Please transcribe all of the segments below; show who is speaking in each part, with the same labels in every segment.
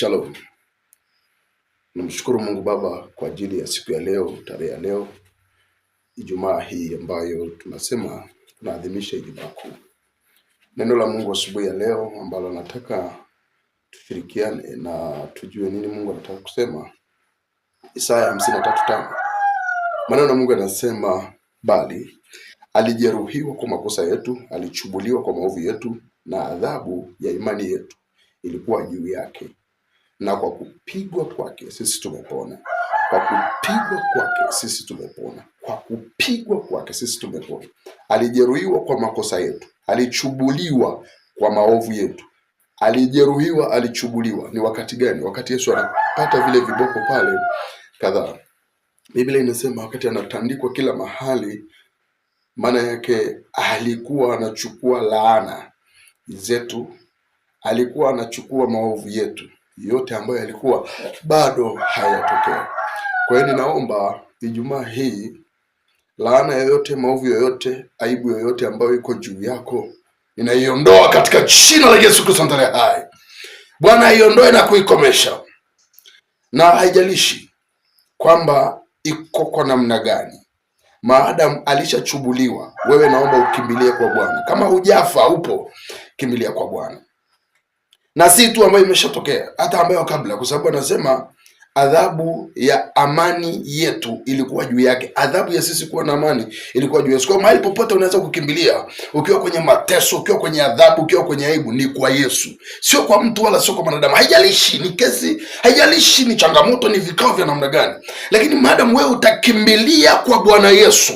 Speaker 1: Shalom. Namshukuru Mungu Baba kwa ajili ya siku ya leo, tarehe ya leo Ijumaa hii ambayo tunasema tunaadhimisha Ijumaa Kuu. Neno la Mungu asubuhi ya leo ambalo nataka tushirikiane na tujue nini Mungu anataka kusema. Isaya 53:5. Maneno ya Mungu yanasema, bali alijeruhiwa kwa makosa yetu, alichubuliwa kwa maovu yetu, na adhabu ya imani yetu ilikuwa juu yake na kwa kupigwa kwake sisi tumepona, kwa kupigwa kwake sisi tumepona, kwa kupigwa kwake sisi tumepona. Alijeruhiwa kwa makosa yetu, alichubuliwa kwa maovu yetu, alijeruhiwa, alichubuliwa. Ni wakati gani? Wakati Yesu anapata vile viboko pale kadhaa. Biblia inasema wakati anatandikwa kila mahali, maana yake alikuwa anachukua laana zetu, alikuwa anachukua maovu yetu yote ambayo yalikuwa bado hayatokea. Kwa hiyo ninaomba Ijumaa hii laana yoyote, maovu yoyote, aibu yoyote ambayo iko juu yako inaiondoa katika jina la Yesu Kristo mtale hai. Bwana aiondoe na kuikomesha, na haijalishi kwamba iko kwa namna gani, maadamu alishachubuliwa. Wewe naomba ukimbilie kwa Bwana. Kama hujafa upo, kimbilia kwa Bwana na si tu ambayo imeshatokea, hata ambayo kabla, kwa sababu anasema adhabu ya amani yetu ilikuwa juu yake. Adhabu ya sisi kuwa na amani ilikuwa juu yetu. Kwa mahali popote unaweza kukimbilia, ukiwa kwenye mateso, ukiwa kwenye adhabu, ukiwa kwenye aibu, ni kwa Yesu, sio kwa mtu wala sio kwa mwanadamu. Haijalishi ni kesi, haijalishi ni changamoto, ni vikao vya namna gani, lakini maadamu wewe utakimbilia kwa Bwana Yesu,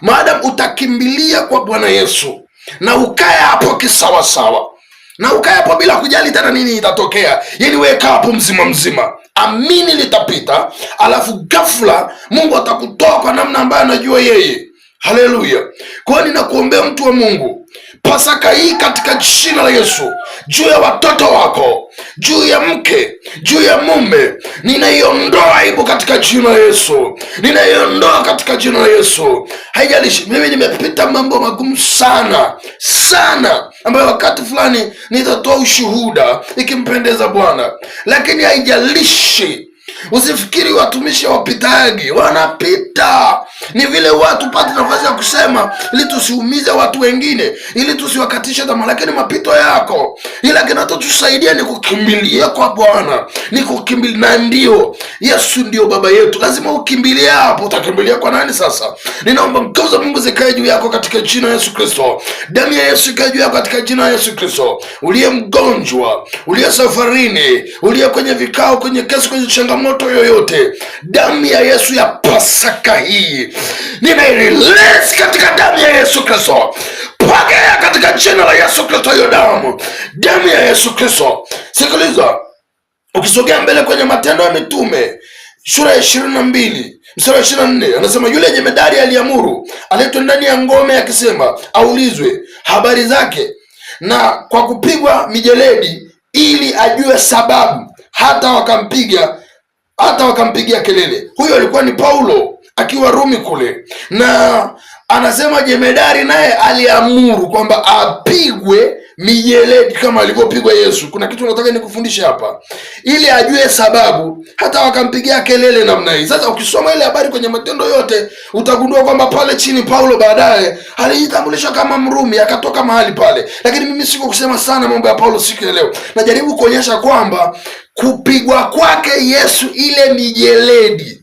Speaker 1: maadamu utakimbilia kwa Bwana Yesu na ukae hapo kisawasawa na ukae hapo bila kujali tena nini itatokea. Yani wewe kaa hapo mzima mzima, amini litapita, alafu ghafla Mungu atakutoa kwa namna ambayo anajua yeye. Haleluya! Kwa hiyo ninakuombea mtu wa Mungu Pasaka hii katika jina la Yesu, juu ya watoto wako, juu ya mke, juu ya mume, ninaiondoa aibu katika jina la Yesu, ninaiondoa katika jina la Yesu. Haijalishi mimi nimepita mambo magumu sana sana, ambayo wakati fulani nitatoa ushuhuda ikimpendeza Bwana, lakini haijalishi Usifikiri watumishi wapitaji, wanapita ni vile watu pata nafasi ya kusema, ili tusiumize watu wengine, ili tusiwakatishe tamaa, lakini mapito yako, ila kinachotusaidia ni kukimbilia kwa Bwana, ni kukimbilia na ndio Yesu ndio baba yetu. Lazima ukimbilie hapo. Utakimbilia kwa nani sasa? Ninaomba nguvu za Mungu zikae juu yako katika jina la Yesu Kristo. Damu ya Yesu ikae juu yako katika jina la Yesu Kristo. Uliye mgonjwa, uliye safarini, uliye kwenye vikao, kwenye kesi, kwenye changamoto yoyote, damu ya Yesu ya Pasaka hii hii katika damu ya Yesu Kristo. Pokea katika jina la Yesu Kristo hiyo damu, damu ya Yesu Kristo. Sikiliza, ukisogea mbele kwenye Matendo ya Mitume sura ya ishirini na mbili mstari wa ishirini na nne anasema yule jemedari aliamuru aletwe ndani ya ngome akisema, aulizwe habari zake na kwa kupigwa mijeledi ili ajue sababu, hata wakampiga hata wakampigia kelele. Huyo alikuwa ni Paulo akiwa Rumi kule, na anasema jemedari naye aliamuru kwamba apigwe mijeledi kama alivyopigwa Yesu. Kuna kitu nataka nikufundishe hapa, ili ajue sababu hata wakampigia kelele namna hii. Sasa ukisoma ile habari kwenye Matendo yote utagundua kwamba pale chini Paulo baadaye alijitambulisha kama Mrumi, akatoka mahali pale. Lakini mimi siko kusema sana mambo ya Paulo siku ya leo, najaribu kuonyesha kwamba kupigwa kwake Yesu ile mijeledi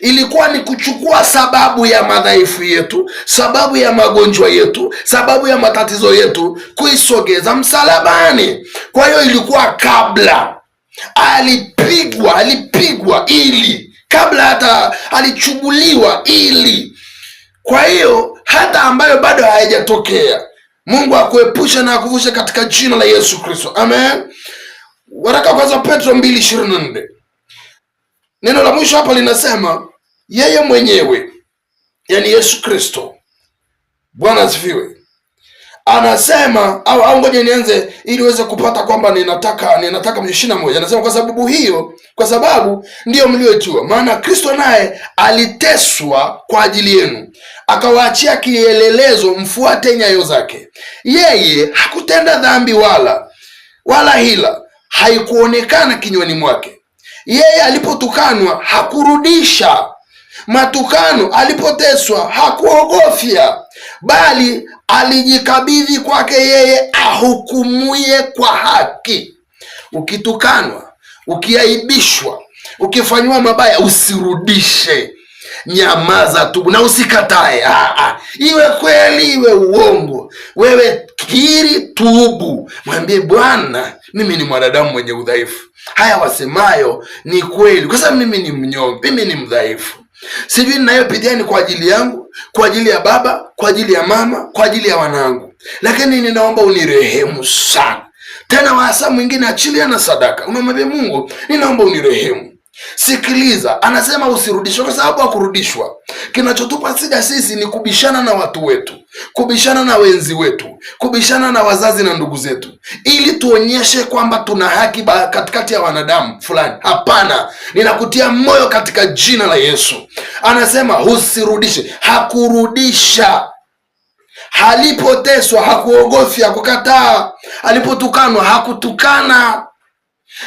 Speaker 1: ilikuwa ni kuchukua sababu ya madhaifu yetu, sababu ya magonjwa yetu, sababu ya matatizo yetu, kuisogeza msalabani. Kwa hiyo ilikuwa kabla alipigwa, alipigwa ili kabla hata alichubuliwa ili. Kwa hiyo hata ambayo bado hayajatokea, Mungu akuepushe na akuvushe katika jina la Yesu Kristo, amen. Waraka kwanza Petro mbili ishirini na nne Neno la mwisho hapa linasema yeye mwenyewe, yaani Yesu Kristo, Bwana asifiwe, anasema au au, ngoja nianze ili uweze kupata kwamba ninataka ninataka ishirini na moja. Anasema kwa sababu hiyo, kwa sababu ndiyo mlioitiwa, maana Kristo naye aliteswa kwa ajili yenu, akawaachia kielelezo, mfuate nyayo zake. Yeye hakutenda dhambi, wala wala hila haikuonekana kinywani mwake yeye alipotukanwa hakurudisha matukano, alipoteswa hakuogofya, bali alijikabidhi kwake yeye ahukumuye kwa haki. Ukitukanwa, ukiaibishwa, ukifanyiwa mabaya, usirudishe Nyamaza tu na usikatae. Aa, ah, ah. iwe kweli iwe uongo, wewe kiri, tubu, mwambie Bwana, mimi ni mwanadamu mwenye udhaifu, haya wasemayo ni kweli, kwa sababu mimi ni mnyonge, mimi ni mdhaifu. Sijui ninayopitia ni kwa ajili yangu, kwa ajili ya baba, kwa ajili ya mama, kwa ajili ya wanangu, lakini ninaomba unirehemu sana. Tena waasa mwingine achilia na sadaka, umemwambia Mungu, ninaomba unirehemu Sikiliza, anasema usirudishwe, kwa sababu hakurudishwa. Kinachotupa sida sisi ni kubishana na watu wetu, kubishana na wenzi wetu, kubishana na wazazi na ndugu zetu, ili tuonyeshe kwamba tuna haki katikati ya wanadamu fulani. Hapana, ninakutia moyo katika jina la Yesu. Anasema usirudishe, hakurudisha Alipoteswa hakuogofya kukataa, alipotukanwa hakutukana,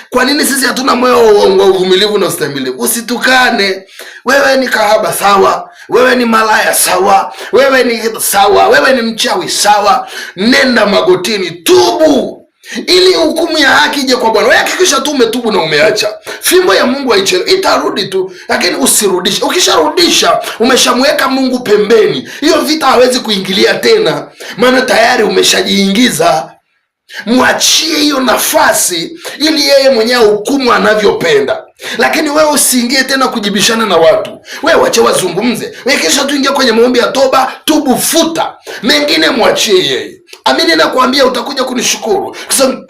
Speaker 1: kwa nini sisi hatuna moyo wa uvumilivu na ustahimilivu? Usitukane. Wewe ni kahaba sawa, wewe ni malaya sawa, wewe ni sawa, wewe ni mchawi sawa. Nenda magotini, tubu ili hukumu ya haki ije kwa Bwana. Wewe hakikisha tu umetubu na umeacha. Fimbo ya Mungu haichelewi, itarudi tu, lakini usirudishe. Ukisharudisha umeshamweka Mungu pembeni, hiyo vita hawezi kuingilia tena, maana tayari umeshajiingiza Mwachie hiyo nafasi ili yeye mwenyewe hukumu anavyopenda, lakini wewe usiingie tena kujibishana na watu. Wewe wache wazungumze, we kesha tu ingia kwenye maombi ya toba, tubufuta mengine, mwachie yeye. Amini nakwambia, utakuja kunishukuru kwa sababu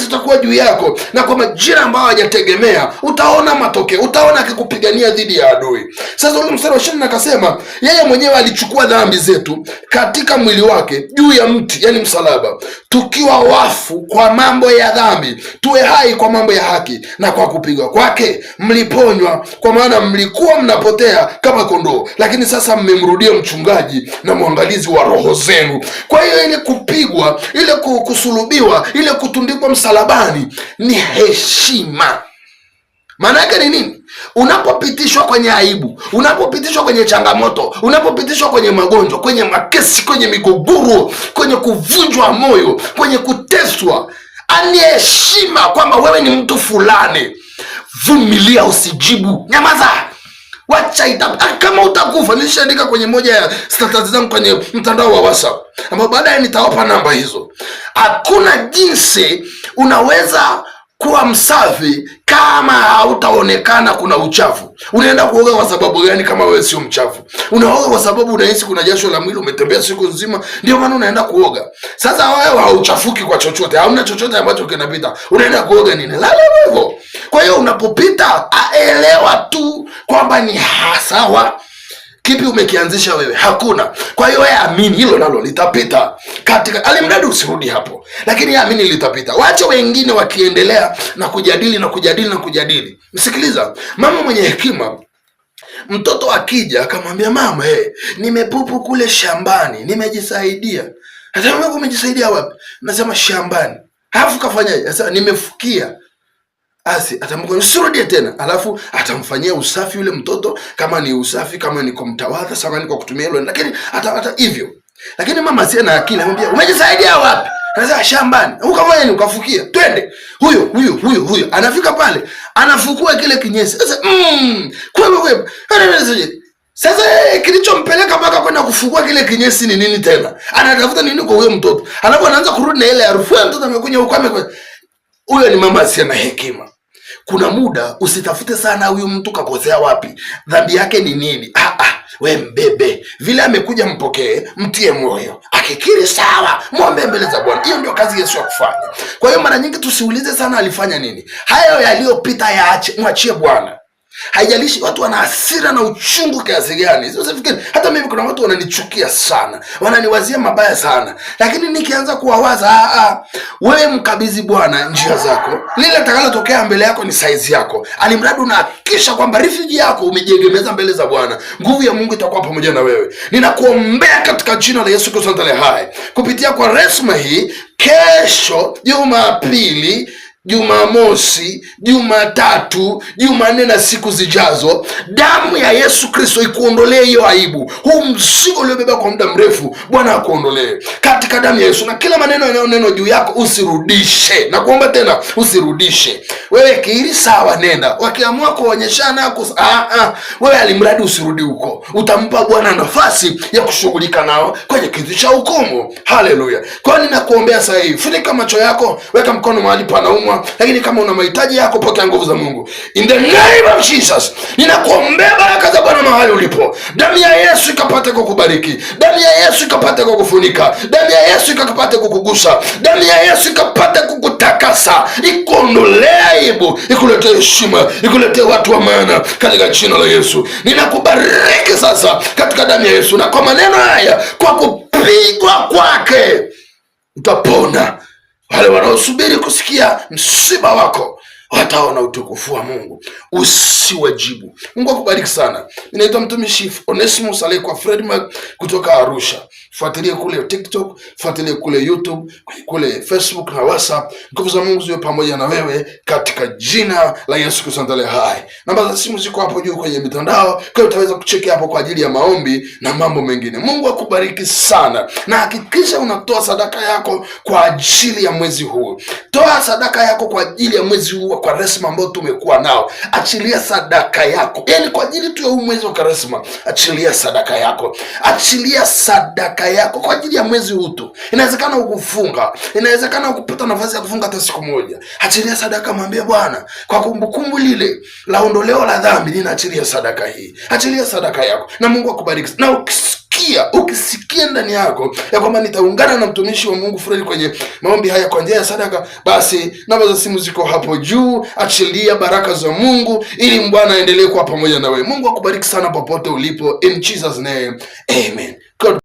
Speaker 1: zitakuwa juu yako, na kwa majira ambayo hajategemea utaona matokeo, utaona akikupigania dhidi ya adui. Sasa ule mstari wa ishirini akasema yeye mwenyewe alichukua dhambi zetu katika mwili wake juu ya mti, yani msalaba, tukiwa wafu kwa mambo ya dhambi, tuwe hai kwa mambo ya haki, na kwa kupigwa kwake mliponywa. Kwa maana mlikuwa mnapotea kama kondoo, lakini sasa mmemrudia mchungaji na mwangalizi wa roho zenu. Kwa hiyo ile kupigwa, ile kusulubiwa, ile kutundikwa msalaba msalabani ni heshima. Maana yake ni nini? Unapopitishwa kwenye aibu, unapopitishwa kwenye changamoto, unapopitishwa kwenye magonjwa, kwenye makesi, kwenye migogoro, kwenye kuvunjwa moyo, kwenye kuteswa, aniheshima kwamba wewe ni mtu fulani. Vumilia, usijibu, nyamaza Wacha ita ah, kama utakufa. Nilishaandika kwenye moja ya status zangu kwenye mtandao wa WhatsApp, ambao baadaye nitawapa namba hizo. Hakuna jinsi unaweza kuwa msafi kama hautaonekana kuna uchafu. Unaenda kuoga kwa sababu gani kama wewe sio mchafu? Unaoga kwa sababu unahisi kuna jasho la mwili, umetembea siku nzima, ndio maana unaenda kuoga. Sasa wewe hauchafuki kwa chochote, hauna chochote ambacho kinapita, unaenda kuoga nini? Lala hivyo. Kwa hiyo unapopita aelewa tu kwamba ni sawa Kipi umekianzisha wewe? Hakuna. Kwa hiyo wewe amini hilo nalo litapita, katika alimradi usirudi hapo, lakini amini litapita. Wacha wengine wakiendelea na kujadili na kujadili na kujadili. Msikiliza mama mwenye hekima Mtoto akija akamwambia mama, hey, eh, nimepupu kule shambani nimejisaidia. Umejisaidia wapi? Nasema shambani. Halafu kafanyaje? Sasa nimefukia asi atamko usirudie tena, alafu atamfanyia usafi yule mtoto, kama ni usafi, kama ni kumtawadha ni kwa kutumia hilo, lakini hata hata hivyo. Lakini mama asiye na akili anamwambia umejisaidia wapi? Anasema ah, shambani. Ukaweni ukafukia. Twende. Huyo huyo huyo huyo anafika pale, anafukua kile kinyesi. Sasa mm, kwema kwema. Sasa eh, kilichompeleka mpaka kwenda kufukua kile kinyesi ni nini tena? Anatafuta nini kwa huyo mtoto? Alafu anaanza kurudi na ile harufu ya mtoto amekunya huko amekunya. Huyo ni mama asiye na hekima. Kuna muda usitafute sana huyu mtu kakosea wapi, dhambi yake ni nini. Ah, ah, we mbebe vile amekuja, mpokee, mtie moyo. Akikiri sawa, mwombe mbele za Bwana. Hiyo ndio kazi Yesu ya kufanya. Kwa hiyo mara nyingi tusiulize sana alifanya nini. Hayo yaliyopita yaache, mwachie Bwana. Haijalishi watu wana hasira na uchungu kiasi gani, sio Hata mimi kuna watu wananichukia sana, wananiwazia mabaya sana, lakini nikianza kuwawaza, ah, ah, wewe mkabidhi Bwana njia zako, lile takalotokea mbele yako ni saizi yako, alimradi unahakikisha kwamba refuge yako umejiegemeza mbele za Bwana. Nguvu ya Mungu itakuwa pamoja na wewe. Ninakuombea katika jina la Yesu Kristo aliye hai, kupitia kwa resma hii, kesho Jumapili Jumamosi, Jumatatu, Jumanne na siku zijazo, damu ya Yesu Kristo ikuondolee hiyo aibu, huu mzigo uliobeba kwa muda mrefu. Bwana akuondolee katika damu ya Yesu, na kila maneno yanayoneno juu yako usirudishe. Nakuomba tena, usirudishe wewe kiiri sawa, nenda. Wakiamua kuonyeshana ah, ah. Wewe alimradi usirudi huko, utampa Bwana nafasi ya kushughulika nao kwenye kiti cha hukumu. Haleluya! Kwa ninakuombea saa hii, funika macho yako, weka mkono mahali panaumwa, lakini kama una mahitaji yako, pokea nguvu za Mungu in the name of Jesus. Ninakuombea baraka za Bwana mahali ulipo, damu ya Yesu ikapate kukubariki, damu ya Yesu ikapate kukufunika, damu ya Yesu ikapate kukugusa, damu ya Yesu ikapate kukutakasa, ikondolea aibu, ikuletee heshima, ikuletee watu wa maana, katika jina la Yesu ninakubariki sasa katika damu ya Yesu. Na kwa maneno haya, kwa kupigwa kwake utapona. Wale wanaosubiri kusikia msiba wako wataona utukufu wa Mungu, usiwajibu. Mungu akubariki sana. Ninaitwa mtumishi Onesimus aliyekuwa Fredmark kutoka Arusha. Fuatilie kule TikTok, fuatilie kule YouTube, kule Facebook na WhatsApp. Nguvu za Mungu ziwe pamoja na wewe katika jina la Yesu Kristo ndale hai. Namba za simu ziko hapo juu kwenye mitandao, kwa hiyo utaweza kucheki hapo kwa ajili ya maombi na mambo mengine. Mungu akubariki sana, na hakikisha unatoa sadaka yako kwa ajili ya mwezi huu. Toa sadaka yako kwa ajili ya mwezi huu kwa resma ambao tumekuwa nao, achilia sadaka yako, yani kwa ajili tu ya huu mwezi wa Kwaresma, achilia sadaka yako, achilia sadaka yako kwa ajili ya mwezi huu tu. Inawezekana ukufunga, inawezekana ukupata nafasi ya kufunga hata siku moja, achilia sadaka, mwambie Bwana, kwa kumbukumbu lile la ondoleo la dhambi, ninaachilia sadaka hii, achilia sadaka yako, na Mungu akubariki na ukisikia ukisikia ndani yako ya kwamba nitaungana na mtumishi wa Mungu fulani kwenye maombi haya kwa njia ya sadaka, basi namba za simu ziko hapo juu. Achilia baraka za Mungu ili Bwana aendelee kuwa pamoja na wewe. Mungu akubariki sana popote ulipo, in Jesus name amen. God